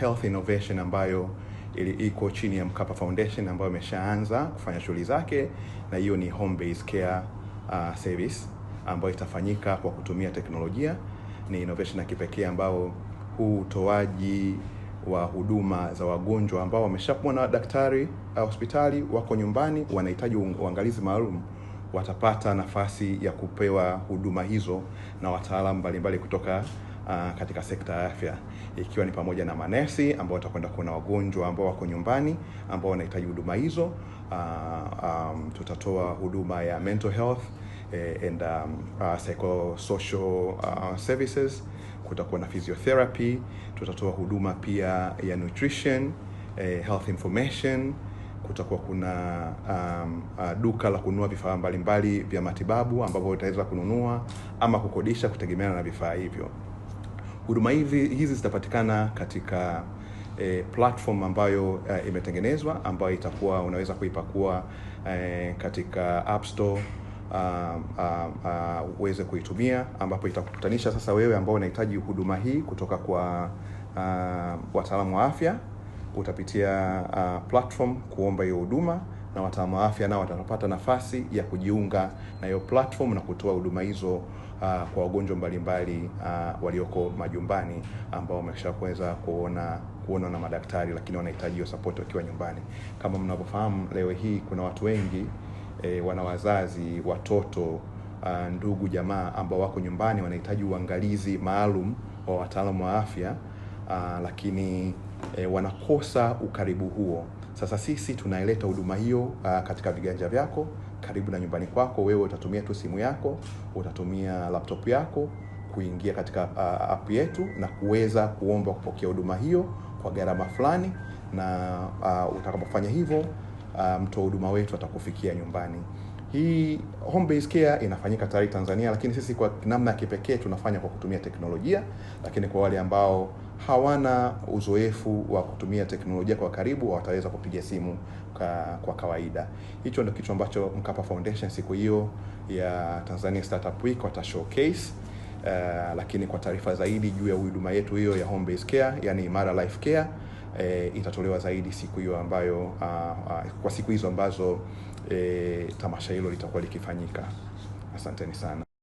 health innovation ambayo ili iko chini ya Mkapa Foundation ambayo imeshaanza kufanya shughuli zake, na hiyo ni home based care uh, service ambayo itafanyika kwa kutumia teknolojia. Ni innovation ya kipekee ambao huu utoaji wa huduma za wagonjwa ambao wameshapona daktari uh, hospitali, wako nyumbani, wanahitaji uangalizi maalum, watapata nafasi ya kupewa huduma hizo na wataalamu mbalimbali kutoka uh, katika sekta ya afya ikiwa ni pamoja na manesi ambao watakwenda kuona wagonjwa ambao wako nyumbani ambao wanahitaji huduma hizo. Uh, um, tutatoa huduma ya mental health eh, and um, uh, psychosocial uh, services. Kutakuwa na physiotherapy. Tutatoa huduma pia ya nutrition, eh, health information kutakuwa kuna um, uh, duka la kununua vifaa mbalimbali vya matibabu ambavyo utaweza kununua ama kukodisha kutegemeana na vifaa hivyo. Huduma hivi hizi zitapatikana katika e, platform ambayo e, imetengenezwa ambayo itakuwa unaweza kuipakua e, katika App Store ah, ah, ah, uweze uh, uh, uh, kuitumia ambapo itakukutanisha sasa wewe ambao unahitaji huduma hii kutoka kwa uh, wataalamu wa afya. Utapitia uh, platform kuomba hiyo huduma na wataalamu wa afya nao watapata nafasi ya kujiunga na hiyo platform na kutoa huduma hizo uh, kwa wagonjwa mbalimbali uh, walioko majumbani ambao wameshaweza kuona kuona na madaktari, lakini wanahitaji hiyo support wakiwa nyumbani. Kama mnavyofahamu, leo hii kuna watu wengi eh, wana wazazi, watoto Uh, ndugu jamaa ambao wako nyumbani wanahitaji uangalizi maalum wa wataalamu wa afya uh, lakini eh, wanakosa ukaribu huo. Sasa sisi tunaileta huduma hiyo uh, katika viganja vyako karibu na nyumbani kwako. Wewe utatumia tu simu yako, utatumia laptop yako kuingia katika uh, app yetu na kuweza kuomba kupokea huduma hiyo kwa gharama fulani, na uh, utakapofanya hivyo uh, mtoa huduma wetu atakufikia nyumbani. Hii home based care inafanyika tayari Tanzania, lakini sisi kwa namna ya kipekee tunafanya kwa kutumia teknolojia, lakini kwa wale ambao hawana uzoefu wa kutumia teknolojia kwa karibu, wataweza kupiga simu kwa, kwa kawaida. Hicho ndio kitu ambacho Mkapa Foundation siku hiyo ya Tanzania Startup Week wata showcase. Uh, lakini kwa taarifa zaidi juu ya huduma yetu hiyo ya home based care, yani Imara Life Care eh, itatolewa zaidi siku hiyo ambayo uh, uh, kwa siku hizo ambazo eh, tamasha hilo litakuwa likifanyika. Asanteni sana.